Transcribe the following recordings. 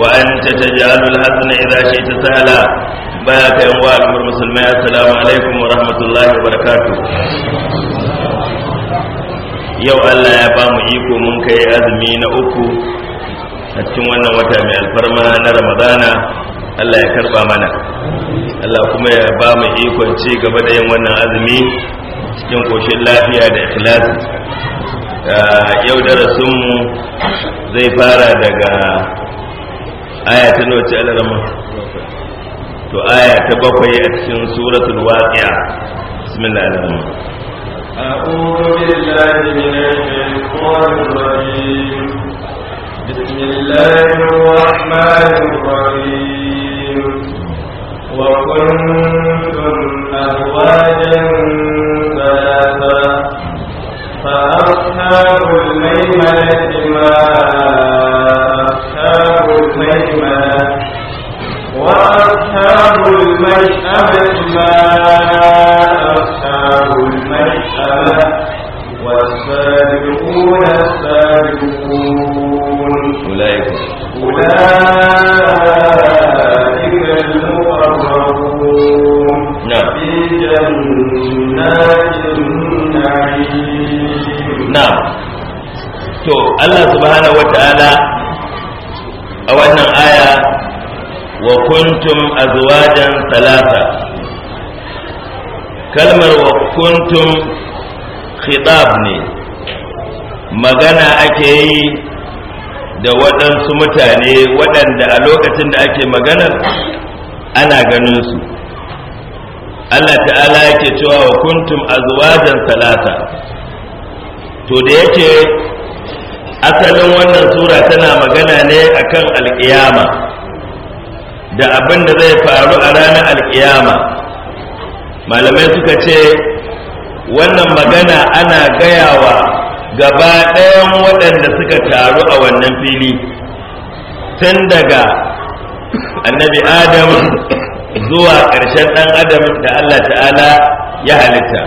wa anta tajalu al-hasan idza shi'ta sala baya kai wa al musulmai assalamu alaikum wa rahmatullahi wa barakatuh yau Allah ya ba mu iko mun kai azumi na uku a cikin wannan wata mai alfarma na Ramadana Allah ya karba mana Allah kuma ya ba mu ikon ci gaba da yin wannan azumi cikin koshin lafiya da ikhlasi yau darasinmu zai fara daga aya ta nawa ce alarama to aya ta bakwai a cikin suratul waqi'a bismillahir rahmanir a'udhu billahi minashaitanir rajim bismillahir rahmanir rahim wa kuntum azwajan thalatha fa'asna وأصحاب الميمنة وأصحاب المشأمة ما أصحاب المشأمة والسابقون السابقون kuntum khitab ne magana ake yi da waɗansu mutane waɗanda a lokacin da ake maganar ana ganin su Allah ta'ala yake cewa wa kuntum azwajan salata to da yake asalin wannan sura tana magana ne akan alƙiyama da abin da zai faru a ranar alƙiyama malamai suka ce wannan magana ana gayawa gaba ɗayan waɗanda suka taru a wannan fili tun daga annabi adam zuwa ƙarshen ɗan adam da allah ta'ala ya halitta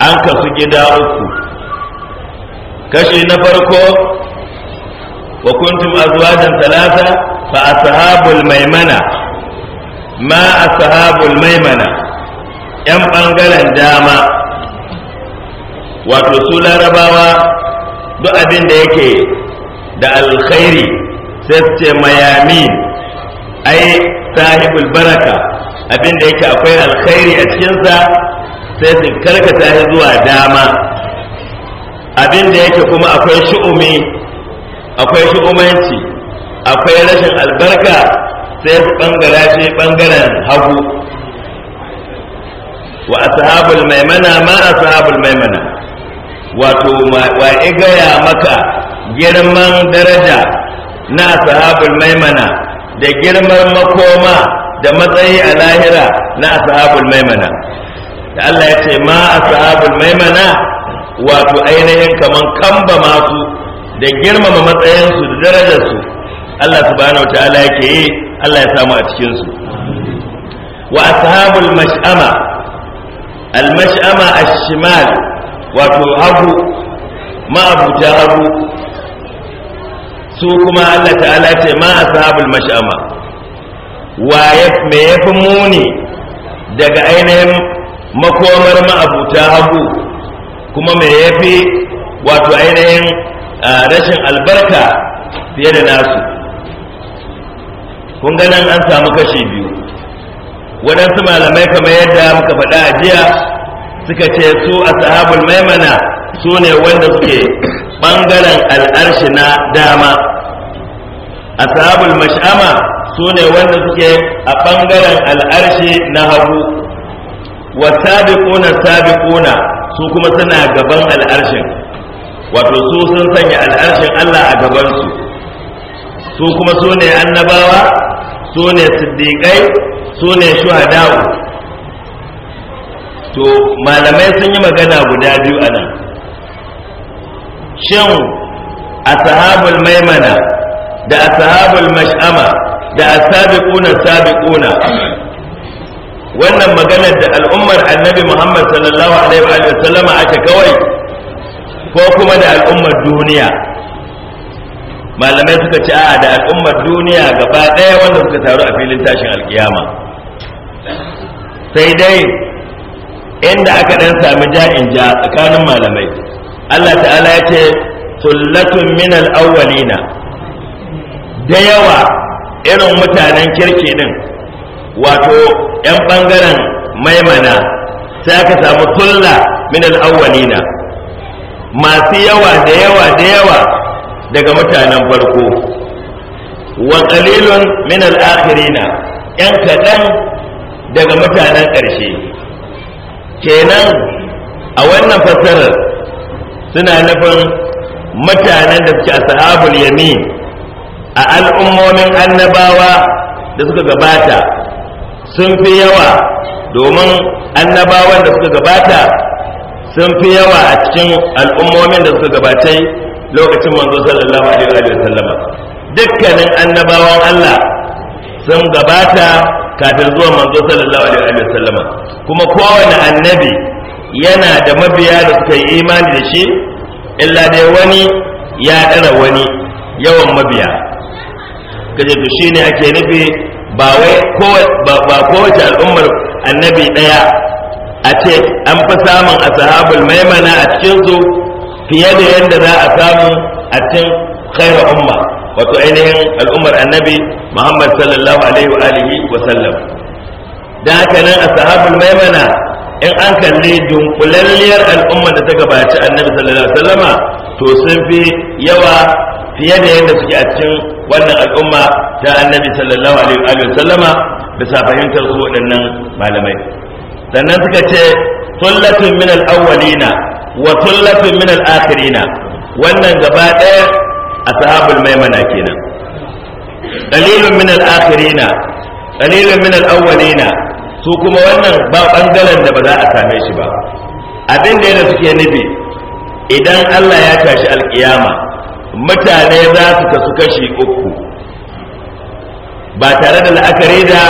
an kasu gida uku kashi na farko wa kuntum azwajan talata fa ashabul maimana ma ashabul maimana 'yan ɓangaren dama wato su larabawa duk abin da yake da alkhairi sai su ce mayami ai sahibul baraka abin da yake akwai alkhairi a cikinsa sai su karkata shi zuwa dama abin da yake kuma akwai shu'umi akwai shu'umanci akwai rashin albarka sai su ɓangara shi ɓangaren hagu wa ashabul maimana ma ashabul maimana wato wa igaya maka girman daraja na ashabul maimana da girman makoma da matsayi a lahira na ashabul maimana da Allah ya ce ma ashabul maimana wato ainihin kaman kamba masu da girmama matsayinsu da darajarsu Allah subhanahu ta'ala yake yi Allah ya samu a cikinsu wa ashabul mash'ama almash'ama ashimal wato hagu ma'abuta hagu su kuma Allah ta'ala ce ma ashabul mash'ama wa me yafi muni daga ainihin makomar ma'abuta hagu kuma me yafi wato ainihin rashin albarka fiye da nasu kun ganin an samu kashi biyu waɗansu malamai kamar yadda muka faɗa a jiya suka ce su a sahabul maimana su ne wanda suke ɓangaren al'arshi na dama a sahabul mash'ama su ne wanda suke a ɓangaren al'arshi na hagu wa sabiquna sabiquna su kuma suna gaban al'arshin wato su sun sanya al'arshin Allah a gabansu su kuma su ne annabawa su ne siddiƙai su ne shuhada'u to malamai sun yi magana guda biyu a nan shin ashabul maimana da ashabul mash'ama da asabiquna sabiquna wannan maganar da al'ummar annabi Muhammad sallallahu alaihi wa sallam ake kawai ko kuma da al'ummar duniya malamai suka ci a da al'ummar duniya gaba ɗaya wanda suka taru a filin tashin alkiyama sai dai inda aka dan sami ja'in ja tsakanin malamai Allah ta'ala ya ce tullatun min al-awwalina da yawa irin mutanen kirki din wato yan bangaren maimana sai aka samu tulla min al-awwalina masu yawa da yawa da yawa daga mutanen farko wa qalilun min al-akhirina yan kadan daga mutanen ƙarshe kenan a wannan fassarar suna nufin mutanen da suke a sahabul yamin a al'ummomin annabawa da suka gabata sun fi yawa domin annabawan da suka gabata sun fi yawa a cikin al'ummomin da suka gabatai lokacin manzo sallallahu alaihi wa sallama dukkanin annabawan Allah sun gabata kafin zuwa manzo sallallahu alaihi wa sallam, kuma kowane annabi yana da mabiya da suka yi imani da shi illa dai wani ya dara wani yawan mabiya kaje to shine ake nufi ba wai ba kowace al'ummar annabi ɗaya a ce an fi samun ashabul maimana a cikin cikinsu fiye da yadda za a samu a cikin khairu umma wato ainihin al'ummar annabi muhammad sallallahu alaihi wa alihi wa sallam da haka nan ashabul maimana in an kalli dunkulalliyar al'ummar da ta gabaci annabi sallallahu alaihi wasallama to sun fi yawa fiye da yadda suke a cikin wannan al'umma ta annabi sallallahu alaihi wasallama bisa fahimtar su waɗannan malamai sannan suka ce tullatun min al wa tullafin min al-akhirina wannan gaba ɗaya A ashabul maimana kenan dalilun min al-akhirina dalilun min al-awwalina su kuma wannan ba bangaren da ba za a same shi ba abin da yana suke nufi idan Allah ya tashi alkiyama mutane za su kasu kashi uku ba tare da la'akari da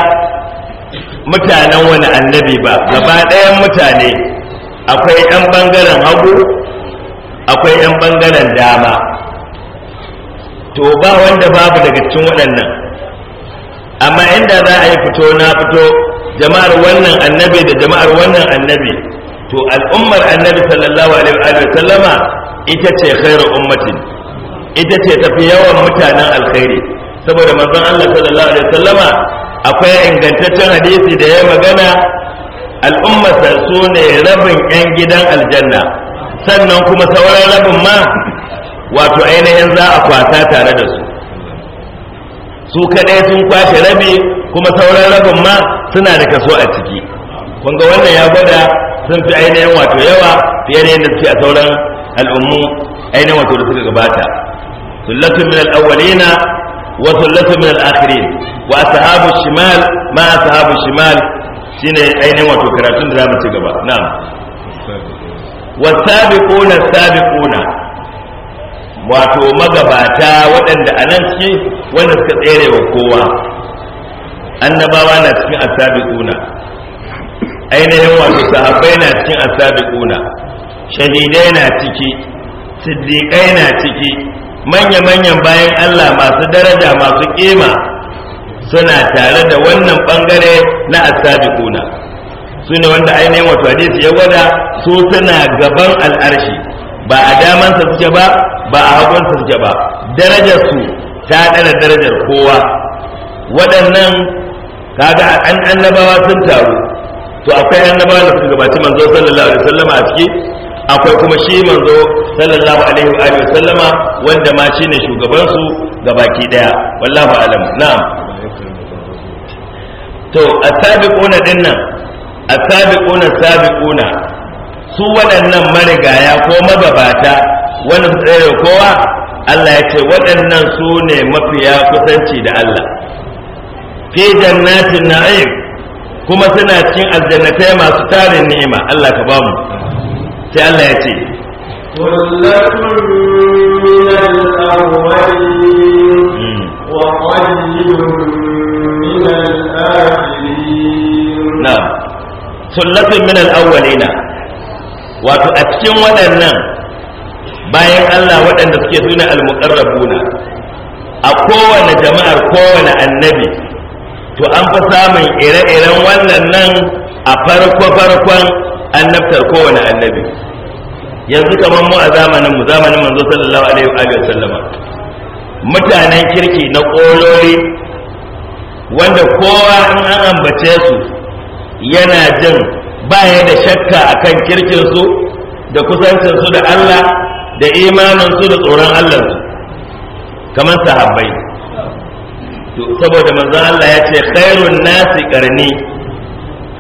mutanen wani annabi ba gaba ɗayan mutane akwai 'yan ɓangaren hagu akwai 'yan ɓangaren dama to ba wanda babu daga cikin waɗannan amma inda za a yi fito na fito jama'ar wannan annabi da jama'ar wannan annabi to al'ummar annabi sallallahu alaihi wa sallama ita ce khairu ummatin ita ce tafi yawan mutanen alkhairi saboda manzon Allah sallallahu alaihi wa sallama akwai ingantaccen hadisi da ya magana al'ummarsa su ne rabin 'yan gidan aljanna sannan kuma sauran rabin ma wato ainihin za a kwasa tare da su su kaɗai sun kwashe rabi kuma sauran rabin ma suna da kaso a ciki kun ga wannan ya gwada sun fi ainihin wato yawa fiye da yadda suke a sauran al'ummu ainihin wato da suka gabata sullatun min al-awwalina wa sullatun min al-akhirin wa ashabu shimal ma ashabu shimal shine ainihin wato karatun da za mu ci gaba na'am wasabiquna sabiquna wato magabata waɗanda a nan ce wanda suka tsere wa kowa annabawa na cikin ƙuna. ainihin wato sahabbai na cikin ƙuna. shahidai na ciki siddiƙai na ciki manya-manyan bayan Allah masu daraja masu ƙima suna tare da wannan ɓangare na ƙuna. su ne wanda ainihin wato hadisi ya gwada su suna gaban al'arshi ba a damansa suke ba ba a hagunsa suke ba darajarsu ta dana darajar kowa waɗannan kaga an annabawa sun taru to akwai annabawa da suka gabaci manzo sallallahu alaihi wasallama a ciki akwai kuma shi manzo sallallahu alaihi wa alihi wasallama wanda ma shine shugaban su gabaki daya wallahu alam na'am to asabiquna sabiquna dinnan as sabiquna su waɗannan marigaya ko magabata wani tsere kowa Allah ya ce waɗannan su ne mafiya kusanci da Allah fi jannatin na'im kuma suna cikin aljannatai masu tarin ni'ima Allah ka bamu sai Allah ya ce hmm. sullatun min al-awwalina wato a cikin waɗannan bayan Allah waɗanda suke suna al-muqarrabuna a kowane jama'ar kowane annabi to an fi samun ire-iren wannan nan a farko-farkon annabtar kowane annabi yanzu kamar mu a zamanin mu zamanin manzo sallallahu alaihi wa sallama mutanen kirki na kololi wanda kowa in an ambace su yana jin baya da shakka akan kirkinsu da kusancinsu da Allah da imaninsu da tsoron Allah kamar sahabbai to saboda manzon Allah ya ce khairun nasi karni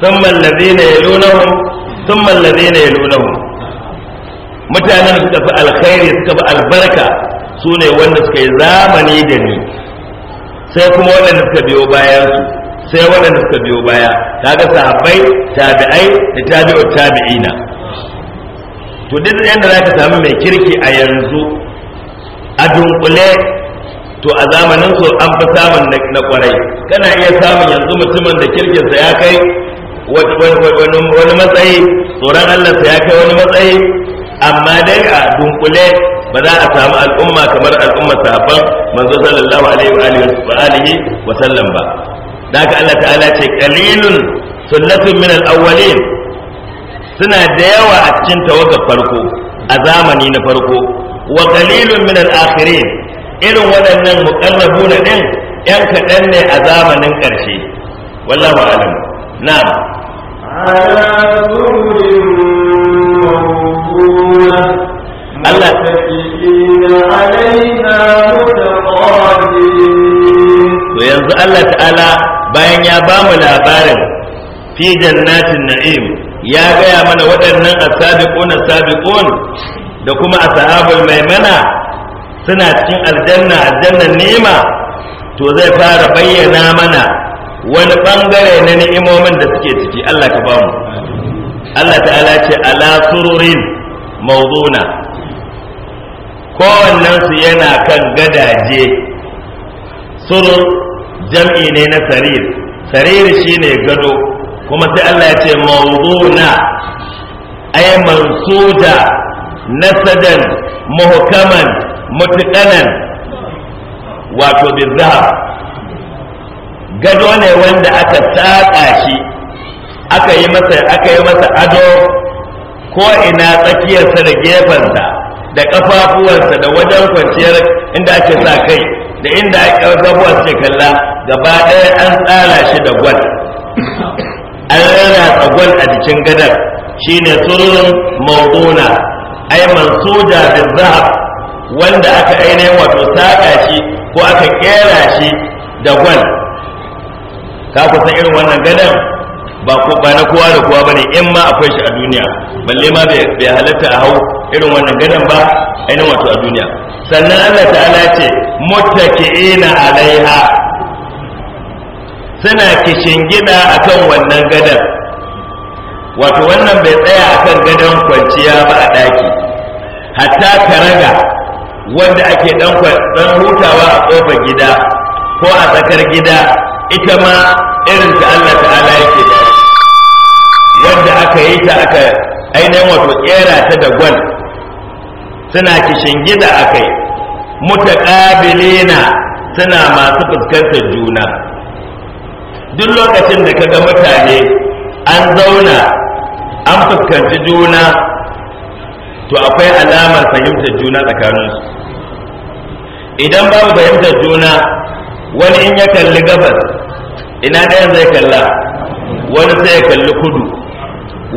thumma alladhina yalunahum thumma alladhina yalunahum mutanen da suka fi alkhairi suka fi albarka su ne wanda suka yi zamani da ni sai kuma wanda suka biyo bayan su sai waɗanda suka biyo baya kaga sahabbai tabi'ai da tabi'u tabi'ina to duk yadda za ka samu mai kirki a yanzu a dunkule to a zamanin su an fi samun na kwarai kana iya samun yanzu mutumin da kirkinsa ya kai wani matsayi tsoron sa ya kai wani matsayi amma dai a dunkule ba za a samu al'umma kamar al'ummar sahabban manzo sallallahu alaihi wa alihi wa sallam ba da haka Allah ta'ala ce qalilun sunnatun min al suna da yawa a cikin tawaga farko a zamani na farko wa qalilun min al irin waɗannan muqarrabuna din yan kaɗan ne a zamanin ƙarshe wallahu alam Allah yanzu Allah ta'ala bayan ya ba mu labarin fi jannatin na'im ya gaya mana waɗannan asabiqun asabiqun da kuma ashabul maimana suna cikin aljanna aljannan ni'ima to zai fara bayyana mana wani bangare na ni'imomin da suke ciki Allah ka ba mu Allah ta'ala ce ala sururin mawduna wannan su yana kan gadaje surur jam'i ne na sarir sarir shine gado kuma sai Allah ya ce mawduna ay mansuda nasadan muhkaman mutqanan wato bizahab gado ne wanda aka saka shi aka yi masa aka yi masa ado ko ina tsakiyarsa da gefensa da ƙafafuwansa da wajen kwanciyar inda ake sa kai da inda abubuwa ce kalla gaba ɗaya an tsara shi da gwal an rarratsa gwal a jikin gadar shi ne tsoron mawduna ai mansuda da zahab wanda aka ainihin wato saƙa shi ko aka ƙera shi da gwal ka kusan irin wannan gadar ba ba na kowa da kowa bane in ma akwai shi a duniya balle ma bai halatta a hau irin wannan gadan ba ainihin wato a duniya sannan Allah ta'ala ce muttaki'ina alaiha suna kishingida akan wannan gadon wato wannan bai tsaya akan gadon kwanciya ba a daki hatta karaga wanda ake dan hutawa a kofar gida ko a tsakar gida ita ma irin ta Allah ta'ala yake da wanda aka yi ta aka ainihin wato kera ta da gwal suna kishin gida a kai. mutaqabilina suna masu fuskantar juna duk lokacin da kaga mutane an zauna an fuskanci juna to akwai alamar fahimtar juna tsakaninsu idan babu fahimtar juna wani in ya kalli gabas ina ɗayan zai kalla wani sai ya kalli kudu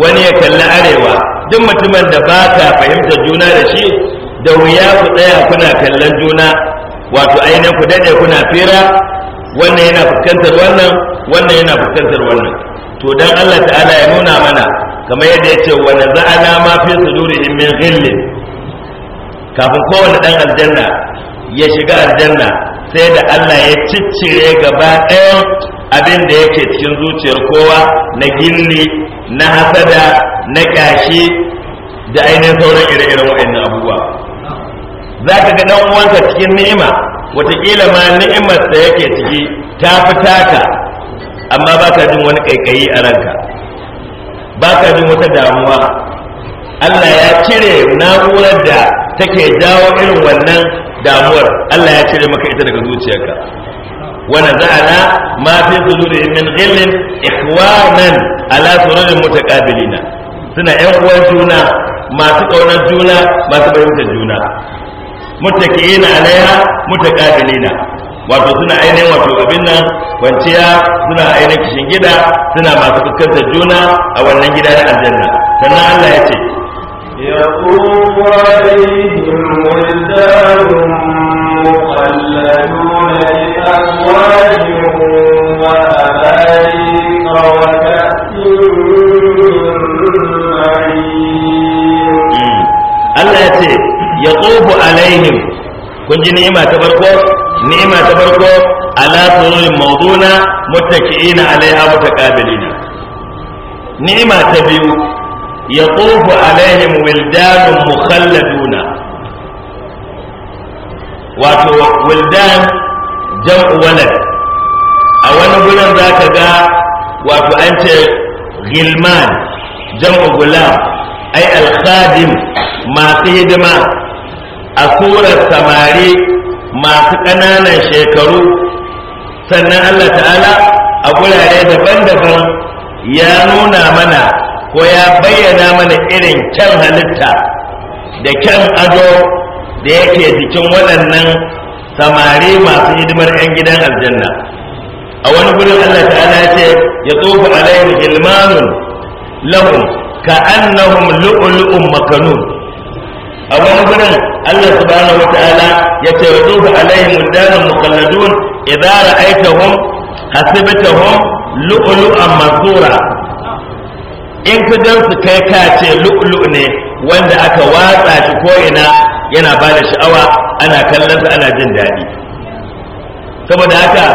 wani ya kalli arewa duk mutumin da ba ka fahimtar juna da shi da wuya ku tsaya kuna kallon juna wato ainihin ku daɗe kuna fira wannan yana fuskantar wannan wannan yana fuskantar wannan to dan Allah ta'ala ya nuna mana kamar yadda ya ce wa naza'ana ma fi in min ghillin kafin kowane dan aljanna ya shiga aljanna sai da Allah ya ciccire gaba ɗayan abin da yake cikin zuciyar kowa na gilli na hasada na ƙyashi da ainihin sauran ire-iren waɗannan abubuwa za ka ga ɗan uwanka cikin ni'ima wataƙila ma ni'imar da yake ciki ta fi taka amma ba ka jin wani ƙaiƙayi a ranka ba ka jin wata damuwa Allah ya cire na'urar da take jawo irin wannan damuwar Allah ya cire maka ita daga zuciyarka ma fi في min من ikhwanan ala على سرر suna yan uwan juna, masu تقونا juna, masu تبعون juna. mutakiyina alaiha mutaqabilina wato suna ainihin wato abin nan kwanciya suna ainihin kishin gida suna masu fuskantar juna a wannan gida na aljanna sannan Allah ya ce يطوف عليهم ولدان مخلدون بأزواجهم وأباريق وكأس Allah ya ce ya tsofu alaihim kun ji ni'ima ta farko ni'ima ta farko ala sururin mawduna muttaki'ina alaiha mutaqabilina ni'ima ta biyu yaqufu alaihim wildan mukhalladuna wato wildan jam'u walad a wani gurin zaka ga wato an ce gilman jam'u gulam ai alkhadim masu hidima a surar samari masu ƙananan shekaru sannan Allah ta'ala a gurare daban-daban ya nuna mana ko ya bayyana mana irin kyan halitta da kyan ado da yake jikin waɗannan samari masu hidimar 'yan gidan aljanna a wani gurin Allah ta'ala ce ya tsofa alaihim ilmanun lahum ka'annahum lu'ulu'un makanun a wani gurin Allah subhanahu wataala ya ce wa duhu alaihim uddanul mukhalladun idza ra'aytahum hasibtahum lu'lu'an mansura in ka gan su kai ka ce lu'lu' ne wanda aka watsa shi ko ina yana ba da sha'awa ana kallon sa ana jin daɗi saboda haka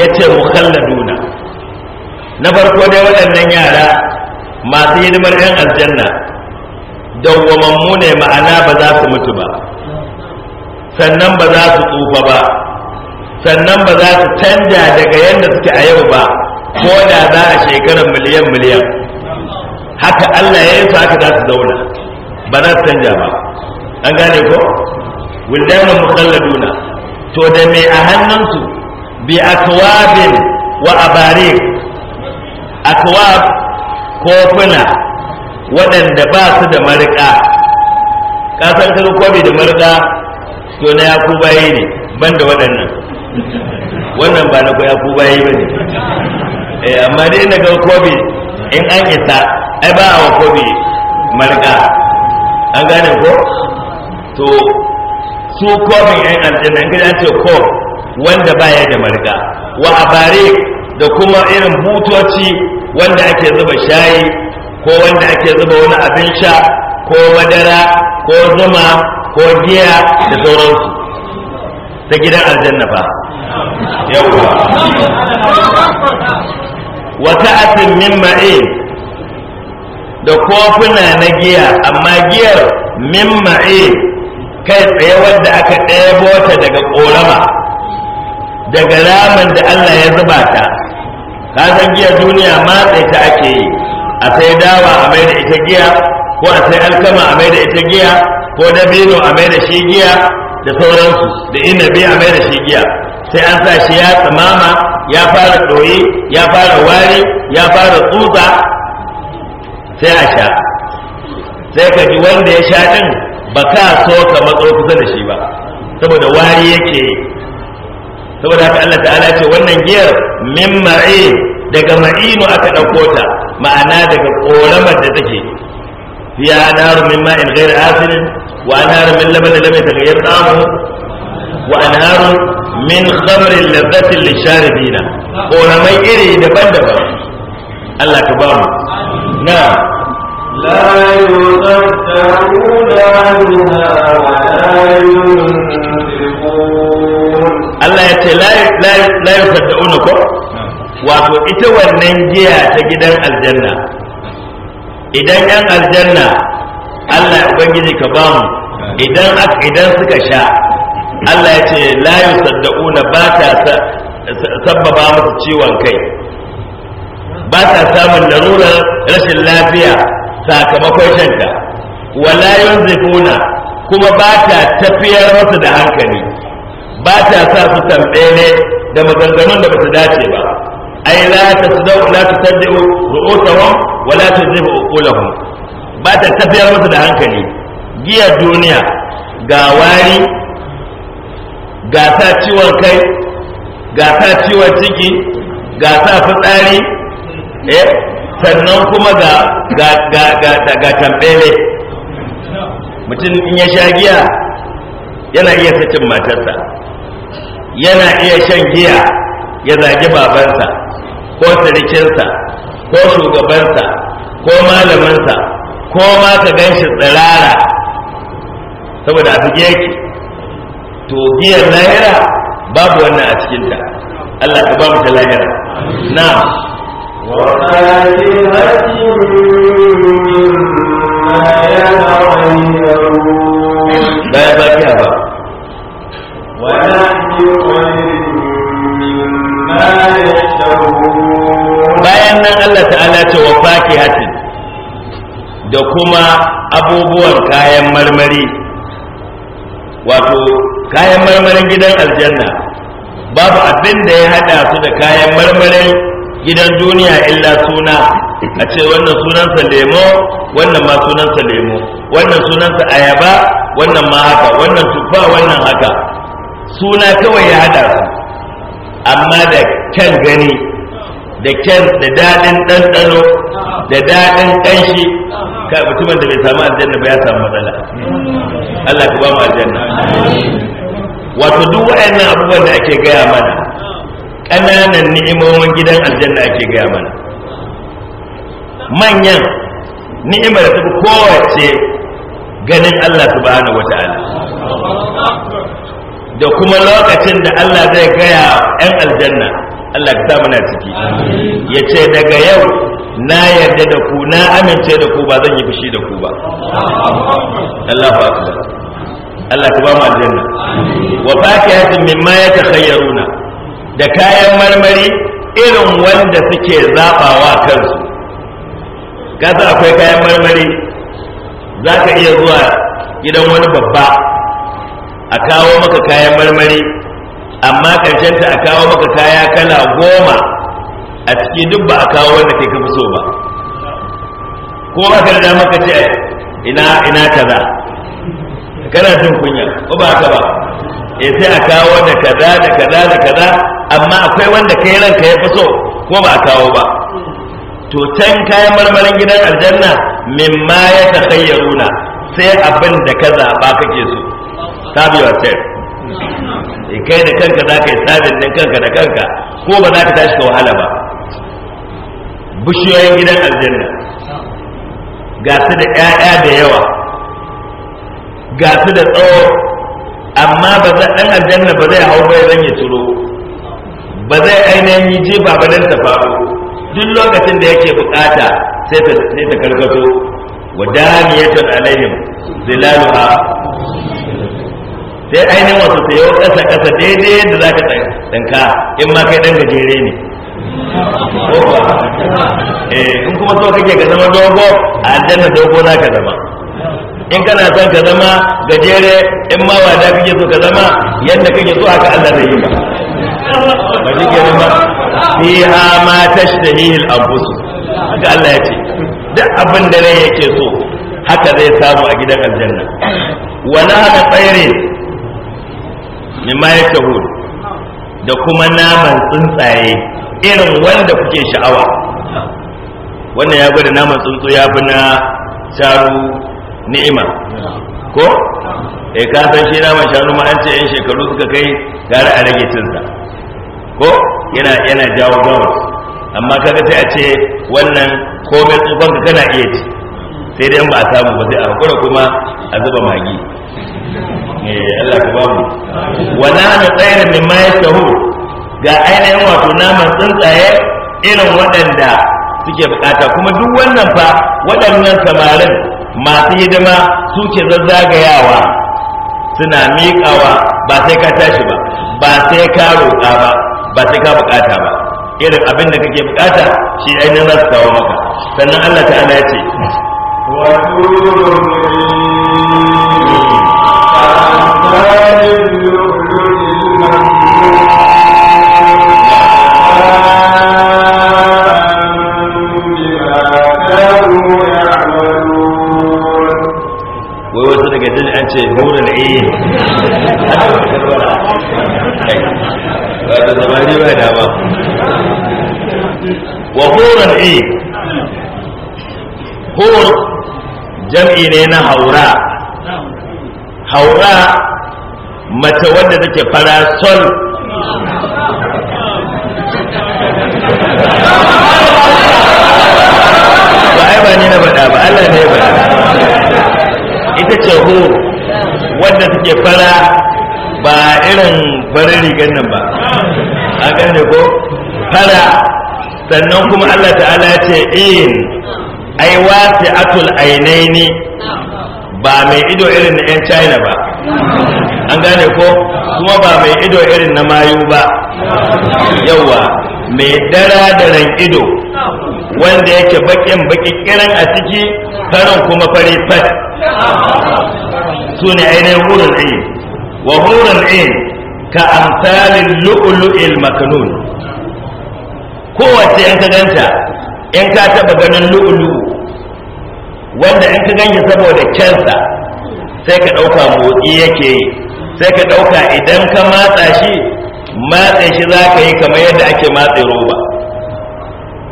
ya ce mukalladuna na farko dai waɗannan yara masu hidimar 'yan aljanna dawwamammu ne ma'ana ba za su mutu ba sannan ba za su tsufa ba sannan ba za su canja daga yadda suke a yau ba ko da za a shekarar miliyan miliyan haka Allah ya yi su haka za su zauna ba za su canja ba an gane ko wildanin mukalladuna to da mai a hannunsu bi akwabin wa abarik akwab kofuna waɗanda ba su da marika ka san kaga kobe da marika to na ya ku baye ne ban da waɗannan wannan ba na ya yaku baye ba ne eh amma dai na ga kobe in an isa ai ba wa kobe marika an gane ko to su kobe an aljanna in ka ce ko wanda baya da marika wa abare da kuma irin butoci wanda ake zuba shayi ko wanda ake zuba wani abin sha ko madara ko zuma ko giya da sauransu ta gidan aljanna ba yawwa wata atin min ma'in da kofuna na giya amma giyar min ma'in kai tsaye wanda aka ɗebo ta daga ƙorama daga ramin da Allah ya zuba ta kasan giyar duniya matsaita ake yi a sai dawa a mai da ita giya ko a sai alkama a mai da ita giya ko dabino a mai da shi giya da sauransu da inabi a mai da shi giya sai an sa shi ya tsamama ya fara ɗoyi ya fara wari ya fara tsutsa sai a sha sai ka ji wanda ya sha ɗin ba ka so ka matso kusa da shi ba saboda wari yake saboda haka Allah ta'ala ce wannan giyar min daga ma'inu aka ɗauko ta ma'ana daga koramar da take ya naru min ma'in ghairu asirin wa anharu min laban da lamai tagayyar tsamu wa anharu min khamrin lazzatin lisharibina koramai iri daban-daban Allah ka ba mu na لا يصدعون عنها ولا ينفقون الله يقول لا يصدعونكم wato ita wannan giya ta gidan aljanna idan yan aljanna Allah ubangiji ka ba mu idan idan suka sha Allah ya ce la yusaddauna ba ta sababa musu ciwon kai ba ta samun larurar rashin lafiya sakamakon shanta wala yunzifuna kuma ba ta tafiyar musu da hankali ba ta sa su ne da maganganun da ba su dace ba ai la tasdau la tasaddu ru'usahum wa la tadribu uqulahum ba ta tafiyar musu da hankali giya duniya ga wari ga sa ciwon kai ga sa ciwon ciki ga sa fitsari eh sannan kuma ga ga ga ga ga mutum in ya sha giya yana iya sacin matarsa yana iya shan giya ya zagi babansa ko sirikinsa ko shugabansa ko malaminsa ko ma ka gan shi tsirara saboda abu yake to giyar lahira babu wannan a cikinta Allah ka ba mu ta lahira na da ya baki ba ولا يقل مما Allah ta'ala ce wa fakihati da kuma abubuwan kayan marmari wato kayan marmarin gidan aljanna babu abin da ya hada su da kayan marmarin gidan duniya illa suna a ce wannan sunansa lemo wannan ma sunansa lemo wannan sunansa ayaba wannan ma haka wannan tufa wannan haka suna kawai ya hada su amma da kyan gani da kyan da daɗin ɗanɗano da daɗin ƙanshi ka mutumin da bai samu aljanna ba ya samu matsala Allah ka ba mu aljanna wato duk waɗannan abubuwan da ake gaya mana ƙananan ni'imomin gidan aljanna ake gaya mana manyan ni'imar ta fi kowace ganin Allah subhanahu wata ala. da kuma lokacin da Allah zai gaya 'yan aljanna Allah ka sa muna ciki ya ce daga yau na yarda da ku na amince da ku ba zan yi fushi da ku ba Allah ba ku Allah ka ba mu aljanna wa fakihatin mimma yatakhayyaruna da kayan marmari irin wanda suke zabawa kansu kasa akwai kayan marmari zaka iya zuwa gidan wani babba a kawo maka kayan marmari amma karshen ta a kawo maka kaya kala goma a ciki duk ba a kawo wanda kai kafi so ba ko aka da maka ce ina ina kaza kana jin kunya ko ba ka ba e sai a kawo da kaza da kaza da kaza amma akwai wanda kai ranka ya fi so ko ba a kawo ba to can kayan marmarin gidan aljanna mimma ya takhayyaruna sai abin da ka zaba kake so sabiyar biyo Eh, kai da kanka za ka yi sabin din kanka da kanka ko ba za ka tashi ka wahala ba bishiyoyin gidan aljanna ga su da 'ya'ya da yawa ga su da tsawo amma ba za ɗan aljanna ba zai hau bai zan yi turo ba zai ainihin yi jefa ba nan ta faru duk lokacin da yake bukata sai ta karkato wa daniyatun alaihim zilaluha sai ainihin wasu sayo ƙasa ƙasa daidai yadda za ka tsanka in ma kai ɗan gajere ne eh, in kuma so kake ka zama dogo a aljanna dogo za ka zama in kana son ka zama gajere in ma wada kake so ka zama yadda kake so haka Allah zai yi ba ba shi ke ba ha ma tashtahihi hihil abusu haka Allah ya ce duk abin da rai yake so haka zai samu a gidan aljanna wala da tsairin mimma yashtahu da kuma naman tsuntsaye irin wanda kuke sha'awa wannan ya gwada naman tsuntsu ya fi na sharu ni'ima ko eh ka san shi naman shanu ma an ce yan shekaru suka kai gara a rage cinsa ko yana yana jawo gawa amma kaga sai a ce wannan komai tsufan ka kana iya ci sai dai ba a samu ba sai a hakura kuma a zuba magi Eh, Allah ka ba mu wa nahnu tsayar min ma ya sahu ga ainihin wato naman tsuntsaye irin waɗanda suke bukata kuma duk wannan fa waɗannan samarin masu hidima suke zazzagayawa suna miƙawa ba sai ka tashi ba ba sai ka roƙa ba ba sai ka bukata ba irin abin da kake bukata shi ainihin za su kawo maka sannan Allah ta'ala ya ce ce haunar iya ba da iya jam'i ne na haura haura mace wanda take sol, ba ai ba ni na bada ba Allah ne ba ita ce ho wanda take fara ba irin farin rigar nan ba a gane ko fara sannan kuma Allah ta'ala ya ce in ai wasi atul ainaini ba mai ido irin na 'yan china ba an gane ko kuma ba mai ido irin na mayu ba yauwa mai dara daren ido wanda yake bakin bakin kiran a ciki karan kuma fari fat su ne ainihin hurun ayin wa hurun ayin ka amsalin lu'ulu'il makanun kowace in ka ganta in ka taba ganin lu'ulu wanda in ka ganye saboda kyansa sai ka ɗauka motsi yake yi sai ka ɗauka idan ka matsa shi matsa shi za ka yi kamar yadda ake matsa roba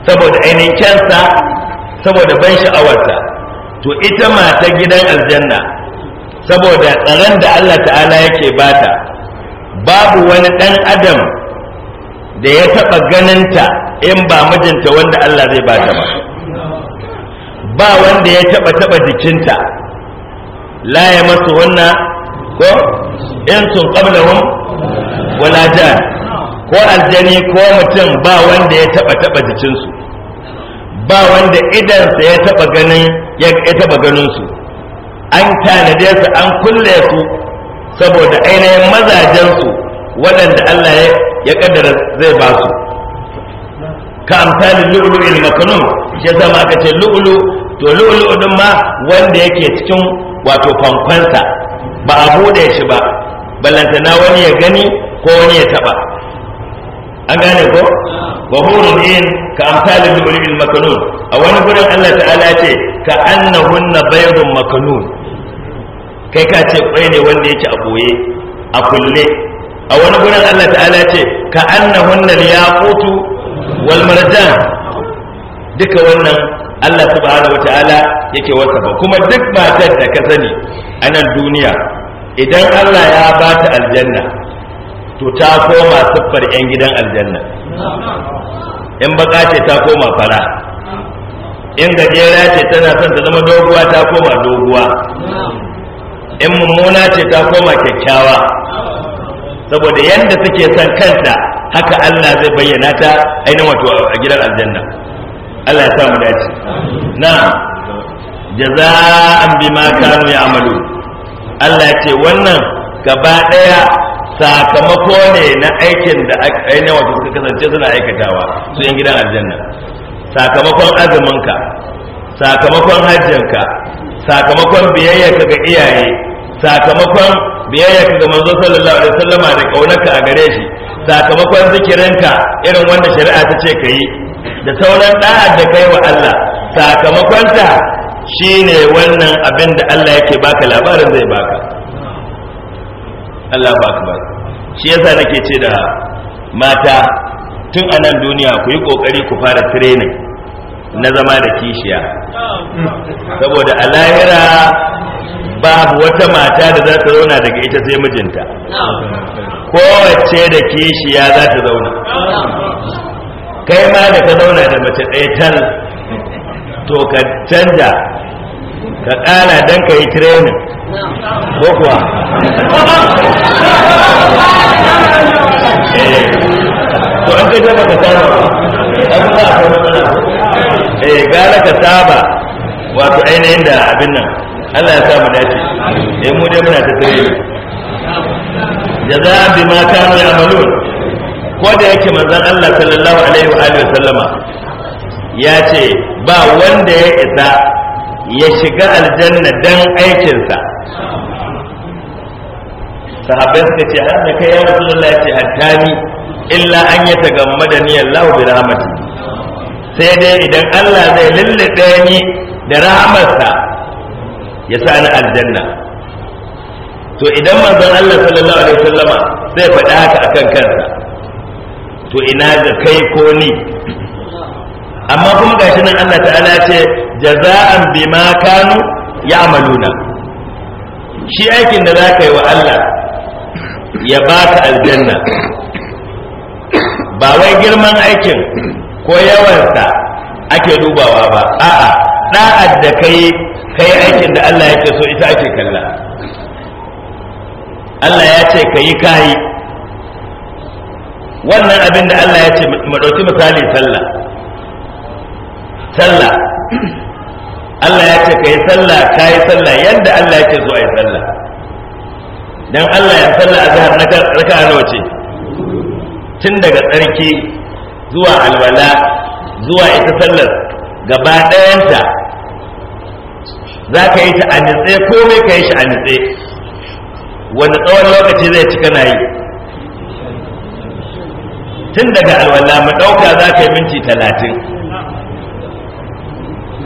saboda ainihin kyansa saboda ban sha'awarta to ita mata gidan aljanna saboda tsaron da Allah ta'ala yake bata babu wani ɗan adam da ya taɓa ta in ba mijinta wanda Allah zai bata ba ba wanda ya taɓa taɓa jikinta la ya masu wanna ko in sun wala ko aljani ko mutum ba wanda ya taba taba jikinsu ba wanda idansa ya taba ganin ya taba ganin an tanade su an kulle su saboda ainihin mazajensu, waɗanda Allah ya kaddara zai ba su ka amsalin lu'lu'il makanun shi zama ka ce lu'lu to lu'lu din ma wanda yake cikin wato kwankwansa ba a buɗe shi ba na wani ya gani ko wani ya taɓa an gane ko wa hurun in ka amsalin lu'lu'il makanun a wani gurin Allah ta'ala ce ka annahunna baydun makanun kai ka ce kwai ne wanda yake a boye a kulle a wani gurin Allah ta'ala ce ka annahunna liyaqutu wal marjan duka wannan Allah subhanahu wataala yake ba. kuma duk matar da ka sani a nan duniya idan Allah ya ba ta aljanna to ta koma siffar 'yan gidan aljanna in baka ce ta koma fara in gajera ce tana son ta zama doguwa ta koma doguwa in mummuna ce ta koma kyakkyawa saboda yadda suke son kanta haka Allah zai bayyana ta ainihin wato a gidan aljanna Allah ya samu dace na jaza'an bima kanu ya'malu Allah ya ce wannan gaba daya sakamako ne na aikin da ainihin wato suka kasance suna aikatawa su yan gidan aljanna sakamakon azuminka sakamakon hajjinka sakamakon biyayyarka ga iyaye sakamakon biyayyarka ga manzo sallallahu alaihi wasallama da kaunarka a gare shi sakamakon zikirinka irin wanda shari'a ta ce ka yi da sauran da'ar da kai wa Allah sakamakonta shine wannan abin da Allah yake baka labarin zai baka Allah baka ba shi yasa nake ce da mata tun a nan duniya ku yi kokari ku fara training na zama da kishiya saboda a lahira babu wata mata da za ta zauna daga ita sai mijinta kowace da kishiya za ta zauna kai ma da ka zauna da mace ɗaya to ka canja ka ƙara don ka yi tirenin ko kuwa eh, to an kai zama ka saba an ba ka matsala eh gara ka saba wato ainihin da abin nan Allah ya samu dace eh mu dai muna ta tirenin jaza bima kanu amalu. ko da yake manzon Allah sallallahu alaihi wa alihi sallama ya ce ba wanda ya isa ya shiga aljanna dan aikinsa sahabbai suka ce har ah, da kai ya rasulullahi ce hattani illa an ya tagammada ni Allah bi rahmati sai dai idan Allah zai lullube ni da rahamarsa ya sa ni aljanna to idan manzon Allah sallallahu alaihi wasallama sai faɗa haka akan kansa to ina ga kai ko ni amma kuma gashi nan Allah ta'ala ce jaza'an bima kanu ya'maluna shi aikin da zaka yi wa Allah ya baka aljanna ba wai girman aikin ko yawansa ake dubawa ba a'a da'ad da kai kai aikin da Allah yake so ita ake kalla Allah ya ce kayi kayi wannan abin da Allah ya ce mu ɗauki misali sallah sallah Allah ya ce ka yi sallah ka yi sallah yadda Allah ya ce zuwa a yi sallah don Allah ya sallah a zahar raka a ce tun daga tsarki zuwa alwala zuwa ita sallar gaba ɗayanta za ka yi ta a nitse komai ka yi shi a nitse wanda tsawon lokaci zai cika kana yi tun daga alwala mu ɗauka za ka yi minti talatin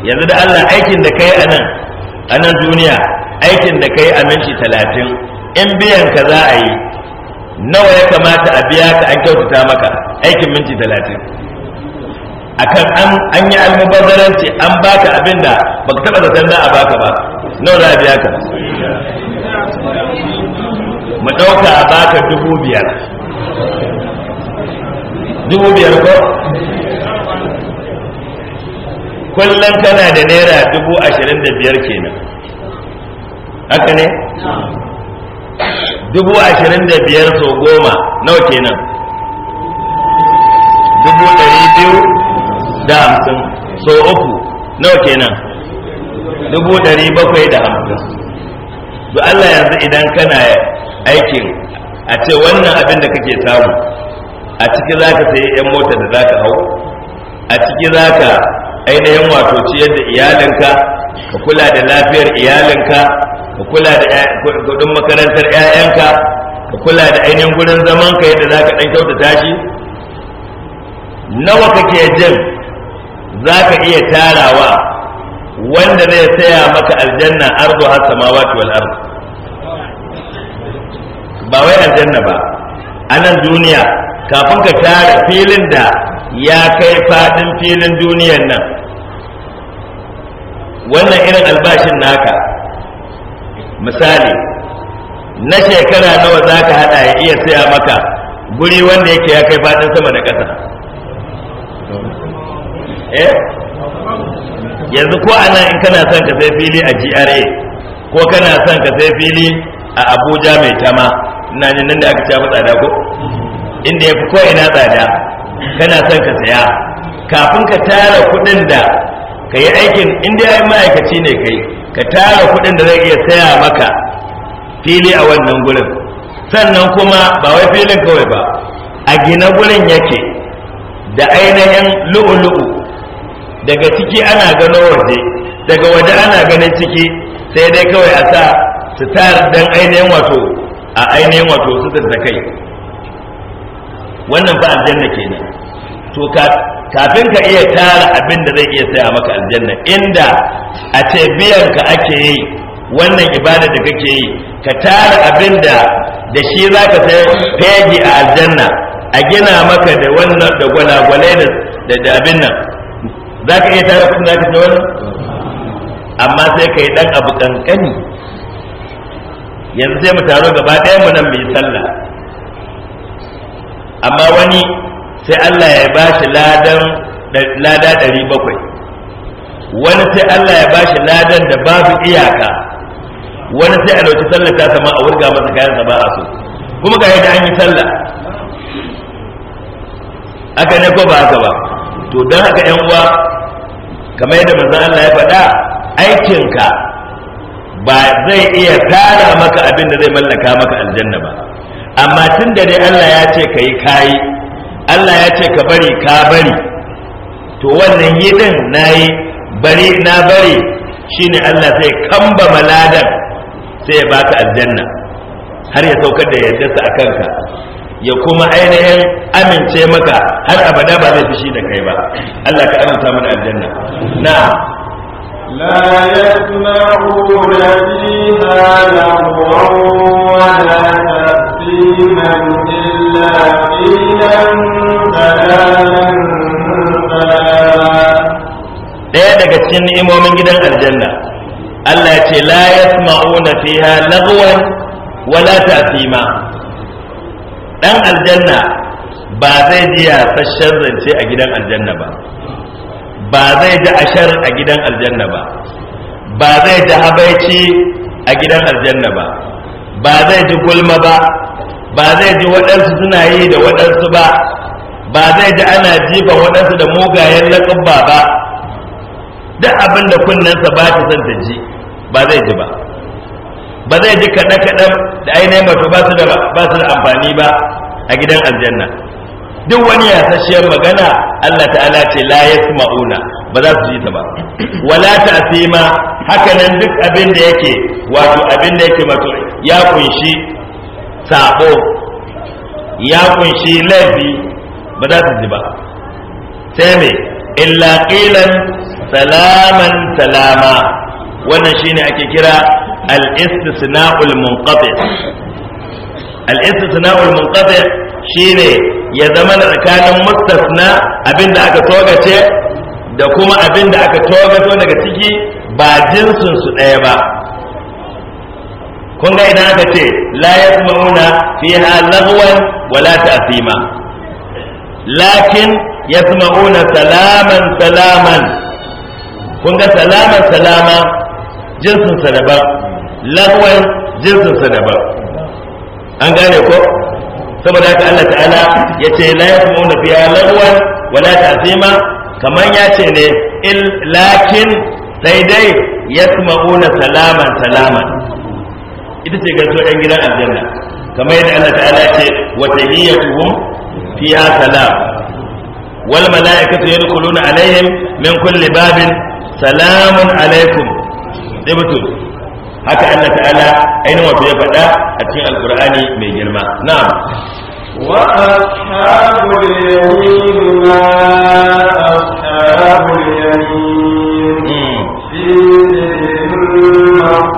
yanzu da allah aikin da ka yi a nan a nan duniya aikin da ka yi a minti talatin in biyan ka za a yi nawa ya kamata a biya ka an kyautata maka aikin minti talatin akan an an yi almubazzaranci an baka abin da ka taba zaton za a baka ba nawa za a biya ka mu ɗauka a baka dubu biyar dubu biyar ko kullum kana da naira dubu ashirin da biyar kenan haka ne dubu ashirin da biyar so goma nawa kenan dubu ɗari biyu da hamsin so uku nawa kenan dubu ɗari bakwai da hamsin to Allah yanzu idan kana aikin a ce wannan abin da kake samu a ciki za ka sayi 'yan mota da za ka hau a ciki za ka ainihin wato ciyar da iyalinka ka kula da lafiyar iyalinka ka kula da kudin makarantar 'ya'yanka ka kula da ainihin gurin zamanka yadda za ka ɗan kyautata shi nawa kake jin za ka iya tarawa wanda zai saya maka aljanna ardu har samawati wal ardu ba wai aljanna ba a nan duniya kafin ka tara filin da ya kai fadin filin duniyar nan wannan irin albashin naka misali na shekara nawa za ka hada ya iya saya maka guri wanda yake ya kai fadin sama da ƙasa eh? yanzu ko ana in kana son ka sai fili a gra ko kana son ka sai fili a abuja mai tama In-na jin nan da aka ci tsada ko inda ya fi ko ina tsada kana son ka saya kafin ka tara kuɗin da ka yi aikin inda ya ma'aikaci ne kai ka tara kuɗin da zai iya saya maka fili a wannan gurin sannan kuma ba wai filin kawai ba a gina gurin yake da ainihin lu'ulu'u daga ciki ana gano waje daga waje ana ganin ciki sai dai kawai a sa su tara don ainihin wato a ainihin wato su da kai wannan fa aljanna kenan to kafin ka iya tara abin da zai iya saya maka aljanna inda a ce biyan ka ake yi wannan ibada da kake yi ka tara abin da da shi za ka sai fegi a aljanna a gina maka da wannan da gwalagwale da abin nan za ka iya tara kudin za ka sai wannan amma sai ka yi ɗan abu kankani yanzu sai mu taro gaba ɗaya mu nan mu yi sallah amma wani sai Allah ya ba shi ladan lada ɗari bakwai wani sai Allah ya ba shi ladan da babu iyaka wani sai a ɗauki sallah ta sama a wurga masa kayan sa ba a so kuma ga yadda an yi sallah aka ne ko ba haka ba to don haka yan uwa kamar yadda manzon Allah ya faɗa aikinka ba zai iya tara maka abin da zai mallaka maka aljanna ba amma tun da dai Allah ya ce ka yi kayi Allah ya ce ka bari ka bari to wannan yi din na yi bari na bari shine Allah zai kamba maladan sai ya baka aljanna har ya saukar da yardarsa a kanka ya kuma ainihin amince maka har abada ba zai fushi da kai ba Allah ka aminta mana aljanna na'am لا يسمعون فيها لغوا ولا تأثيما إلا قيلا سلاما ɗaya daga cikin ni'imomin gidan aljanna Allah ce la yasma'una fiha lagwan wala ta'sima dan aljanna ba zai ji yasashen zance a gidan aljanna ba ba zai ji ashar a gidan aljanna ba ba zai ji habaici a gidan aljanna ba ba zai ji gulma ba ba zai ji waɗansu suna yi da waɗansu ba ba zai ji ana jifa waɗansu da mugayen laƙabba ba duk abin da kunnensa ba ta son ta ji ba zai ji ba ba zai ji kaɗe-kaɗen da ainihin wato ba su da amfani ba a gidan aljanna duk wani yasasshiyar magana Allah ta'ala ce la yasma'una ba za su ji ta ba wala ta'sima haka nan duk abin da yake wato abin da yake mato ya kunshi sabo ya kunshi laifi ba za su ji ba sai me illa qilan salaman salama wannan shine ake kira al-istisna'ul munqati al-istisna'ul munqati shine ya zama na tsakanin mustasna abinda aka togace da kuma abin da aka togato daga ciki ba jinsin su ɗaya ba kun ga idan aka ce la yasma'una fiha lagwan wala ta'sima lakin yasma'una salaman salaman kun ga salaman salama jinsin sa daban lagwan jinsin sa daban an gane ko saboda haka Allah ta'ala ya ce la yasmuna fiha lawan wala ta'zima kaman ya ce ne il lakin sai dai yasma'una salaman salaman ita ce ga ɗan gidan aljanna kamar yadda Allah ta'ala ce wa tahiyyatuhum fiha salam wal mala'ikatu yadkhuluna alaihim min kulli babin salamun alaikum mutum haka Allah ta'ala ainihin wato ya faɗa a cikin alkur'ani mai girma na'am wa ashabul yamin ma ashabul yamin hmm. hmm. wa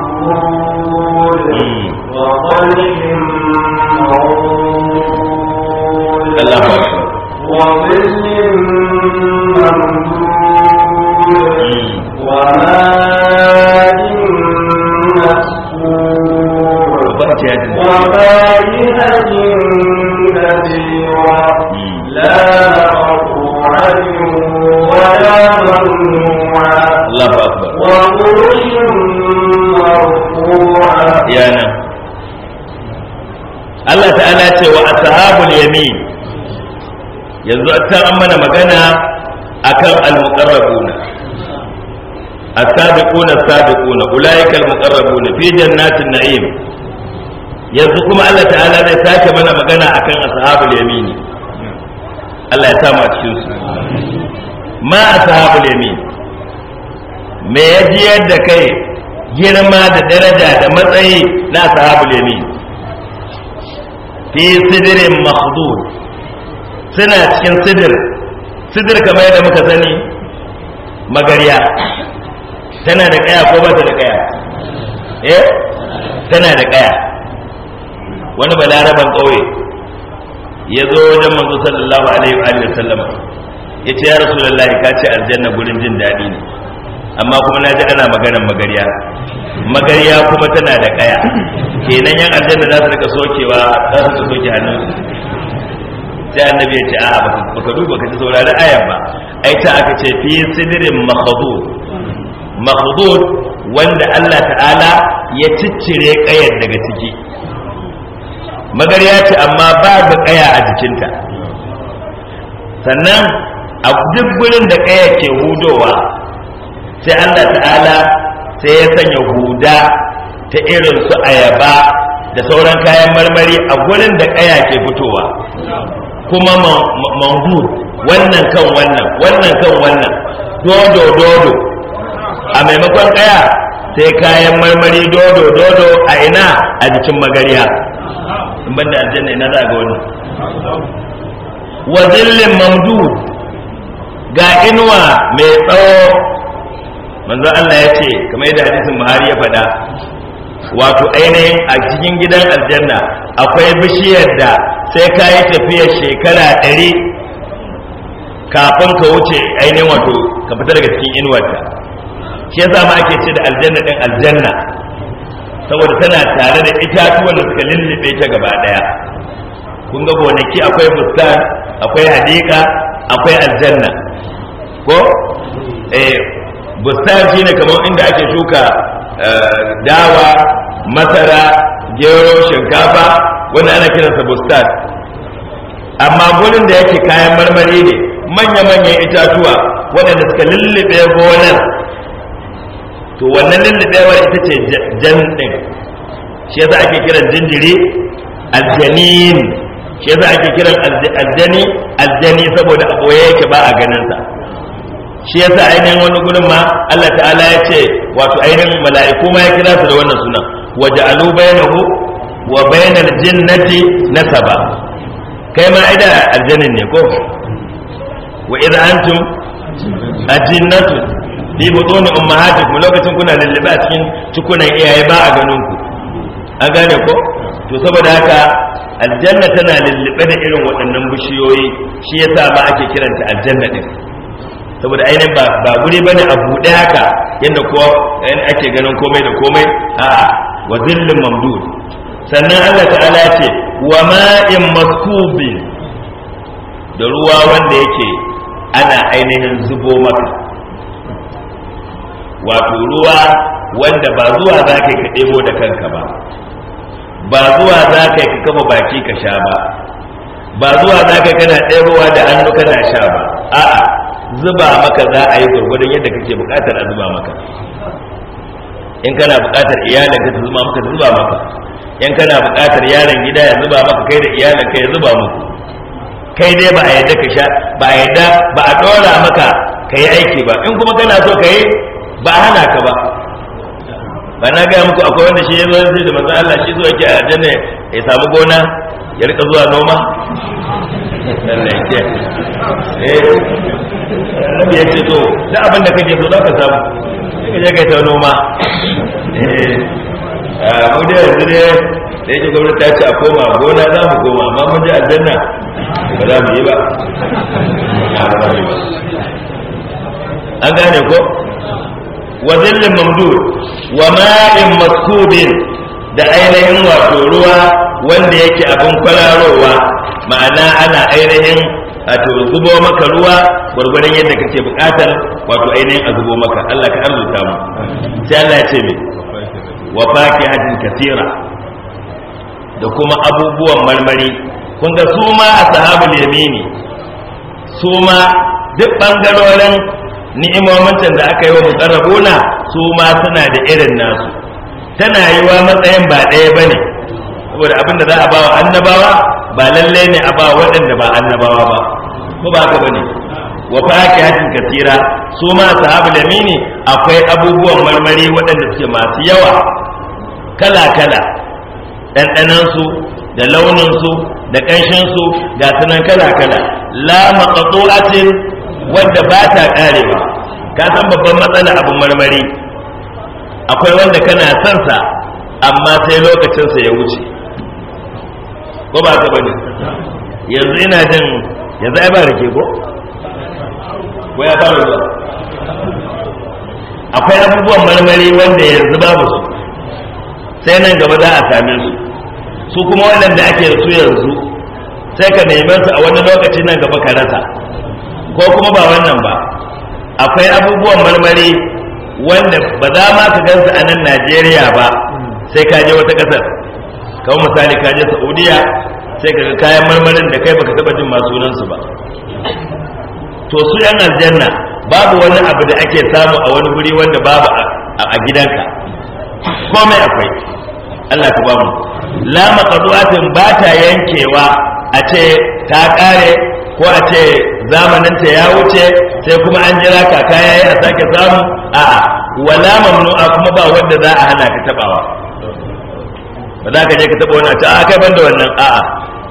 وفتيات وفاكهة كثيرة لا مقطوعة ولا ممنوعة الله أكبر وفرش مرفوعة يا نعم Allah ta'ala ce wa ashabul yamin yanzu ta an mana magana akan al-muqarrabuna as-sabiquna as-sabiquna ulaika al-muqarrabuna fi jannatin na'im yanzu kuma Allah ta'ala zai sake mana magana akan ashabul yamini Allah ya samu a cikin su ma ashabul yamin me ya jiyar da kai girma da daraja da matsayi na ashabul yamin fi sidrin mahdud suna cikin sidir sidir kamar yadda muka sani magariya tana da kaya ko ba ta da kaya eh tana da kaya wani balaraban ƙauye ya zo wajen manzo sallallahu alaihi wa sallam ya ce ya rasu lallahi ka ce aljanna gurin jin daɗi ne amma kuma na ji ana maganar magarya magarya kuma tana da ƙaya kenan yan aljanna za su rika sokewa za su soke hannun sai annabi ya ce a ka duba ka ji saurari ayan ba ai ta aka ce fi sidirin mahdud mahdud wanda Allah ta'ala ya ciccire ƙayar daga ciki magarya ce amma ba babu kaya a jikinta sannan a duk gurin da kaya ke hudowa sai Allah ta'ala sai ya sanya huda ta irin su ayaba da sauran kayan marmari a gurin da kaya ke fitowa kuma mangu wannan kan wannan wannan kan wannan dodo dodo a maimakon kaya sai kayan marmari dodo dodo a ina a jikin magarya? in ban da aljanna ina za ga wani wa zillin mamdud ga inuwa mai tsawo manzo Allah ya ce kamar yadda hadisin Buhari ya faɗa wato ainihin a cikin gidan aljanna akwai bishiyar da sai ka yi tafiyar shekara ɗari kafin ka wuce ainihin wato ka fita daga cikin inuwarta shi yasa ma ake ce da aljanna ɗin aljanna saboda tana tare da itatuwan da suka lullube ta gaba daya kun ga gonaki akwai bustan akwai hadika akwai aljanna ko eh bustan shine kamar inda ake shuka eh, dawa masara gero shinkafa wanda ana kiransa bustan amma gurin da yake kayan marmari ne manya-manyan itatuwa waɗanda suka lullube gonar to wannan lullubewar ita ce jan ɗin shi yasa ake kiran jinjiri aljanin shi yasa ake kiran aljani aljani saboda a boye yake ba a ganinsa shi yasa ainihin wani gurin ma Allah ta'ala ya ce wato ainihin mala'iku ma ya kira su da wannan sunan waje alu bainahu wa bainal jinnati nasaba kai ma ida aljanin ne ko wa idan antum ajinnatu bi butuni ummahatikum lokacin kuna lullube a cikin tukunan iyaye ba a ganin ku an gane ko to saboda haka aljanna tana lullube da irin waɗannan bishiyoyi shi yasa ba ake kiranta aljanna din saboda ainihin ba ba guri bane a buɗe haka yanda ko eh, ake ganin komai da komai a wa zillin mamdud sannan Allah ta'ala ce wa ma'in maskubin da ruwa wanda yake ana ainihin zubo maka wato ruwa wanda ba zuwa za ka yi ka ɗebo da kanka ba ba zuwa za ka yi ka kama baki ka sha ba ba zuwa za ka kana ɗebowa da hannu kana sha ba a'a zuba maka za a yi gwargwadon yadda kake buƙatar a zuba maka in kana buƙatar iyalin ka zuba maka zuba maka in kana buƙatar yaron gida ya zuba maka kai da iyalin ka ya zuba maka. kai dai ba a yadda ka sha ba a yadda ba a ɗora maka ka yi aiki ba in kuma kana so ka yi ba hana ka ba ba na gaya muku akwai wanda shi ya zo sai da manzo Allah shi zuwa ke aljanna ya samu gona ya rika zuwa noma Rabi eh, ya ce to da abin da kake so za ka samu sai ka je ka ta noma eh, a mu da yanzu ne da yake gwamnati ta ce a koma gona za mu koma amma mun ji aljanna ba za mu yi ba an gane ko wa zillin mamdud wa ma'in maskubin da ainihin wato ruwa wanda yake abin kwararowa ma'ana ana ainihin wato zubo maka ruwa gwargwadon yadda kake bukatar wato ainihin a zubo maka Allah ka arzuta mu sai Allah ya ce me wa fakihatin katira da kuma abubuwan marmari kun ga su ma ashabul yamini su ma duk bangarorin ni'imomancin da aka yi wa mukarrabuna su ma suna da irin nasu tana yi wa matsayin ba ɗaya ba ne saboda abin da za a bawa annabawa ba lalle ne a ba waɗanda ba annabawa ba ko ba ka bane wa fakihatin katira su ma da mini akwai abubuwan marmari waɗanda suke masu yawa kala kala ɗanɗanan da launinsu, su da ƙanshin su ga sunan kala kala la maqtu'atin wanda ba ta karewa ka san babban matsala abin marmari akwai wanda kana son sa amma sai lokacinsa ya wuce ko ba ka bane yanzu ina jin yanzu ai ba rake ko ko ya fara zuwa akwai abubuwan marmari wanda yanzu babu su sai nan gaba za a same su su kuma wannan da ake su yanzu sai ka neman su a wani lokaci nan gaba ka rasa ko kuma ba wannan ba akwai abubuwan marmari wanda ba za ma ka gansu a nan najeriya ba sai ka je wata ƙasar kawai misali ka je saudiya sai ka kayan marmarin da kai baka taɓa jin ma sunansu ba to su yan aljanna babu wani abu da ake samu a wani guri wanda babu a gidanka komai akwai Allah ka ba mu la maqdu'atin ba ta yankewa a ce ta kare ko a ce ta ya wuce sai kuma an jira kaka ya yi a sake samu a wala a kuma ba wanda za a hana ka tabawa ba za ka je ka taba wani ta a kai banda wannan a'a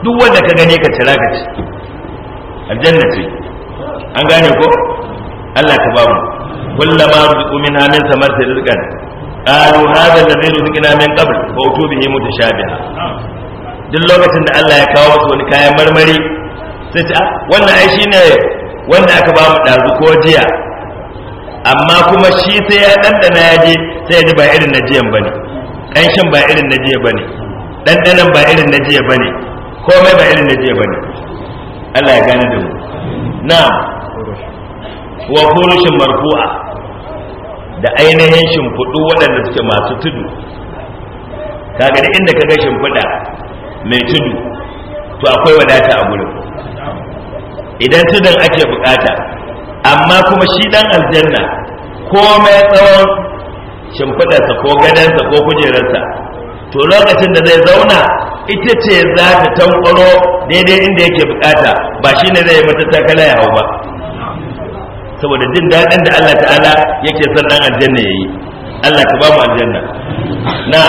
duk wanda ka gani ka cira ka ci aljanna ce an gane ko Allah ka bamu kullama rizqu minha min samarati rizqan qalu hadha alladhi rizqina min qabl fa utubihi mutashabiha duk lokacin da Allah ya kawo wani kayan marmari sai ta ah, wannan ai shine wanda aka ba mu dazu ko jiya amma kuma shi sai ya dandana ya je sai ya ji ba irin na jiyan bane kanshin ba irin na jiya bane dandanan ba irin na jiya bane komai ba irin na jiya bane Allah ya gane da mu na'am wa furushin marfu'a da ainihin shimfiɗu waɗanda suke masu tudu kaga da inda kaga shimfiɗa mai tudu to akwai wadata a gurin idan tudun ake bukata amma kuma shi dan aljanna ko mai tsawon shimfidarsa ko gadansa ko kujerarsa to lokacin da zai zauna ita ce za ta tankwaro daidai inda yake bukata ba shi ne zai mata takala ya hau ba saboda jin daɗin da Allah ta'ala yake son dan aljanna ya yi Allah ka ba mu aljanna na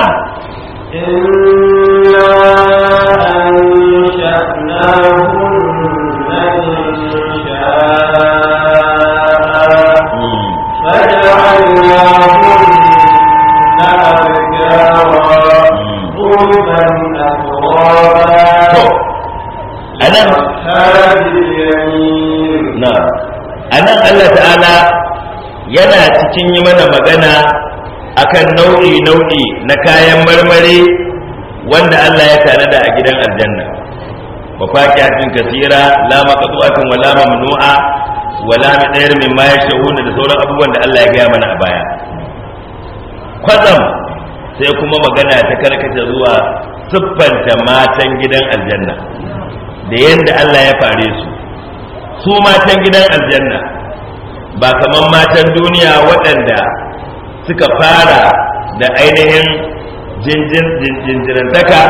inna an anan Allah ta'ala yana cikin yi mana magana akan nau'i nau'i na kayan marmari wanda Allah ya tanada a gidan aljanna وفاكهة كثيرة لا مقطوعة ولا ممنوعة ولا غير مما يشتهون da sauran abubuwan da Allah ya gaya mana a baya kwatsam sai kuma magana ta karkata zuwa siffanta matan gidan aljanna da yadda Allah ya fare su su matan gidan aljanna ba kamar matan duniya waɗanda suka fara da ainihin jinjirantaka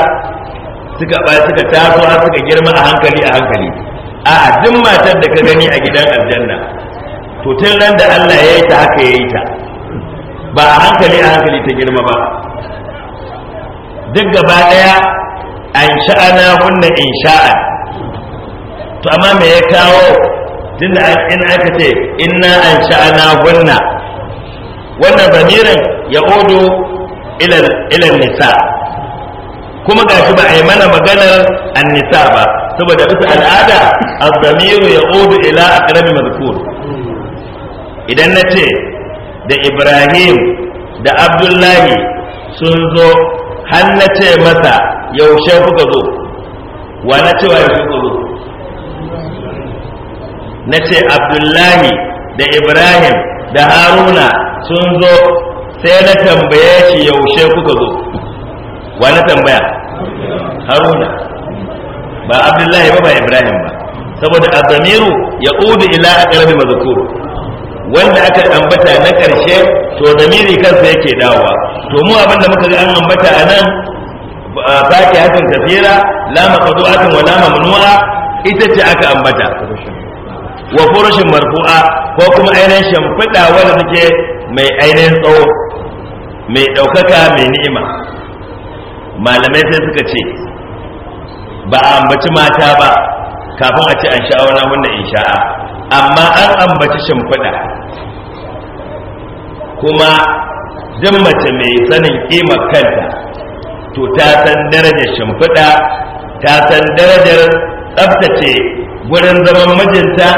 suka ba suka taso har suka girma a hankali a hankali a duk matar da ka gani a gidan aljanna to tun ran da Allah ya yi ta haka ya yi ta ba a hankali a hankali ta girma ba duk gaba daya an sha'ana hunna in sha'a to amma me ya kawo tunda in aka ce inna an sha'ana hunna wannan zamirin ya odo ilal nisa' kuma gashi ba a yi mana maganar annisa ba saboda bisa al'ada azamiru ya odu ila aqrabi mazkur idan na ce da ibrahim da abdullahi sun zo har na ce masa yaushe kuka zo wa na cewa yaushe kuka zo na ce abdullahi da ibrahim da haruna sun zo sai na tambaye shi yaushe kuka zo wa tambaya haruna ba abdullahi ba ba ibrahim ba saboda azamiru ya udu ila aqrabi mazkur wanda aka ambata na karshe to damiri kansa yake dawowa to mu abinda muka ga an ambata anan baki hakan kafira la maqdu'atin wa la mamnu'a ita ce aka ambata wa furushin marfu'a ko kuma ainihin shimfiɗa wanda suke mai ainihin tsawo mai ɗaukaka mai ni'ima malamai sai suka ce ba a ambaci mata ba kafin a ce an sha'awana wanda in sha'a amma an ambaci shimfiɗa kuma jin mace mai sanin ƙimar kanta to ta san darajar shimfiɗa ta san darajar tsaftace gurin zaman mijinta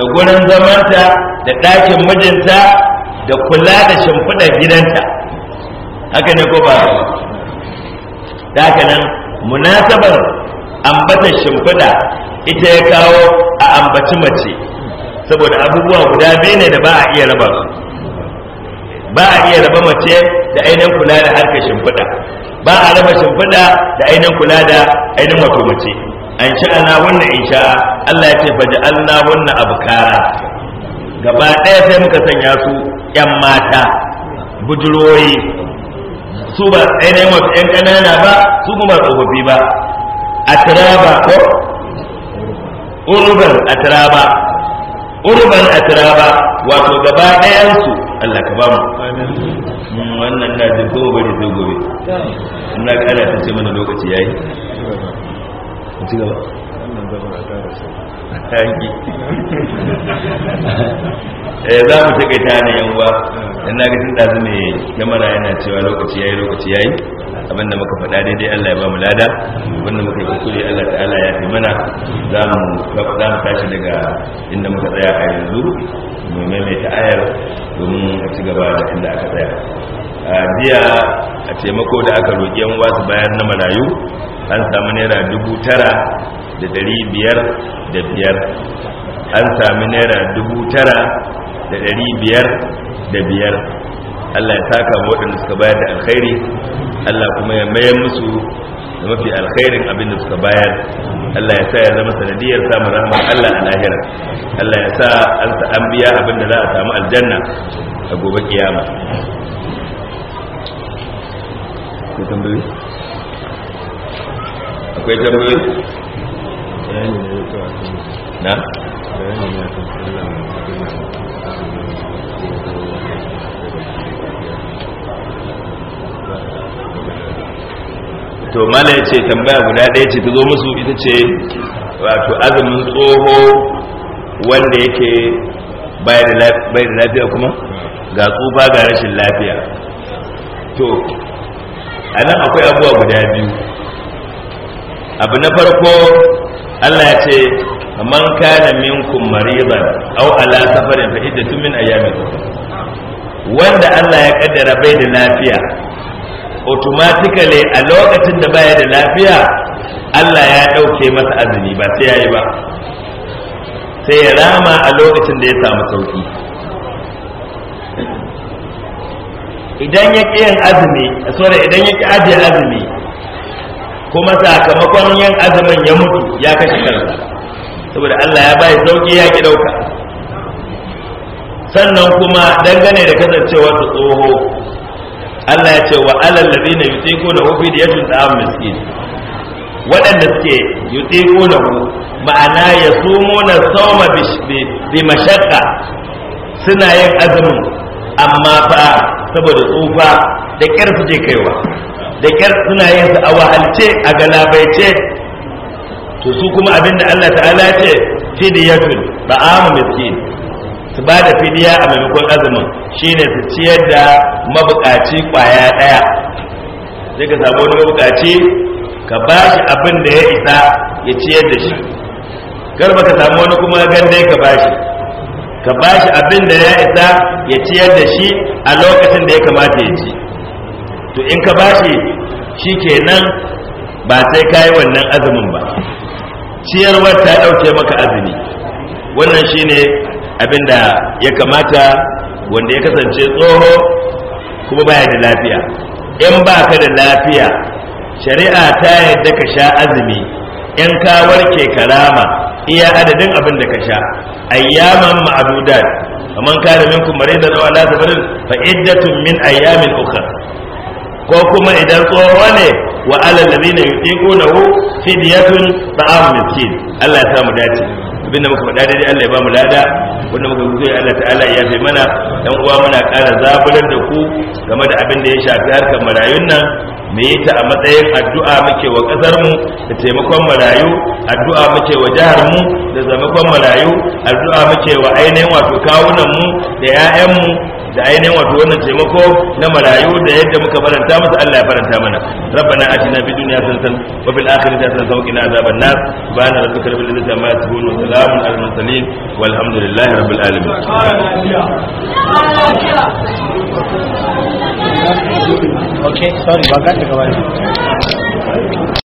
da gurin zamanta da ɗakin mijinta da kula da shimfiɗa gidanta haka ne ko ba Dakanan munasabar ambatar shimfiɗa ita ya kawo a ambaci mace saboda abubuwa guda biyu ne da ba a iya raba su ba a iya raba mace da ainihin kula da harkar shimfiɗa ba a raba shimfiɗa da ainihin kula da ainihin wato mace an ana wannan in sha'a Allah ya ce fa Allah wannan abkara gaba ɗaya sai muka sanya su 'yan mata bujuroyi su ba ainihin wasu 'yan ƙanana ba su kuma tsofaffi ba a turaba ko urban a turaba urban a turaba wato gaba ɗayansu Allah ka ba mu mm, wannan na jin kuma bari sai gobe na ƙara ta ce mana lokaci yayi ci gaba wannan zabara ta rasu yanki eh za mu take ta ne yan uwa dan na ga tun dazu ne kamera yana cewa lokaci yayi lokaci yayi abinda muka faɗa daidai Allah ya ba mu lada abinda muka yi kuskure Allah ta'ala ya fi mana za mu za mu tashi daga inda muka tsaya a yanzu mu maimaita ayar domin a ci gaba da inda aka tsaya a jiya a taimako da aka roƙi yan uwa su bayar na marayu an samu naira dubu tara da dari biyar da biyar an sami naira dubu tara da dari biyar da biyar allah ya saka waɗanda suka bayar da alkhairi allah kuma ya mayar musu da mafi alkhairin abinda suka bayar allah ya sa ya zama sanadiyar samun rahama allah a lahira allah ya sa an biya abinda da za a samu aljanna a gobe kiyama akwai tambayoyi na to mala ya ce tambaya guda ɗaya ce ta zo musu ita ce wato azumin tsoho wanda yake bai da lafiya kuma ga tsufa ga rashin lafiya to a akwai abuwa guda biyu abu na farko Allah ya ce man kana minkum maridan aw ala safarin fa iddatun min ayyamin wanda Allah ya kaddara bai da lafiya automatically a lokacin da baya da lafiya Allah ya dauke masa azumi ba sai yayi ba sai ya rama a lokacin da ya samu sauki idan ya ƙi yin azumi sorry idan ya ƙi ajiye azumi kuma sakamakon yin azumin ya mutu ya kashe kansa saboda Allah ya bai sauki ya ki dauka sannan kuma dangane da kasancewa ta tsoho Allah ya ce wa alal ladina yutiquna hu fi diyatun ta'am miskin waɗanda suke yutiquna ma'ana yasumuna sawma bi mashaqqa suna yin azumin amma fa saboda tsufa da kirfi je kaiwa da kyar suna yin su a wahalce a galabaice to su kuma abinda Allah ta'ala ce fidiyatul ba'amu miskin su ba da fidiya a maimakon azumin shine su ciyar da mabukaci kwaya daya sai ka samu wani mabukaci ka ba shi abin da ya isa ya ciyar da shi garba ka samu wani kuma gandai ka ba shi ka ba shi abin da ya isa ya ciyar da shi a lokacin da ya kamata ya ci to in ka ba shi Shi shikenan ba sai kayi wannan azumin ba ciyarwar ta ɗauke maka azumi wannan shine abinda ya kamata wanda ya kasance tsoho kuma baya da lafiya in baka da lafiya shari'a ta yadda ka sha azumi in ka warke karama iya adadin abin da ka sha ayyaman ma'adudat kaman kana minkum mare da zawa safarin fa iddatun min ayyamin ukhra ko kuma idan tsohuwa ne wa alal fi yutiqunahu fidyatun ta'am miskin Allah ya samu dace abinda muka faɗa dai Allah ya ba mu lada wanda muka gudu Allah ta'ala ya fi mana dan uwa muna ƙara zaburar da ku game da abin da ya shafi harkar marayun nan mu yi ta a matsayin addu'a muke wa ƙasar mu da taimakon marayu addu'a muke wa jihar mu da zamakon marayu addu'a muke wa ainihin wato kawunan mu da 'ya'yan mu da ainihin wato wannan taimako na marayu da yadda muka faranta masa Allah ya faranta mana rabbana atina fid dunya hasanatan wa fil akhirati hasanatan wa qina adhaban nar subhana rabbika rabbil izzati amma yasifun wa salamun alal mursalin walhamdulillahi rabbil alamin okay sorry baga ta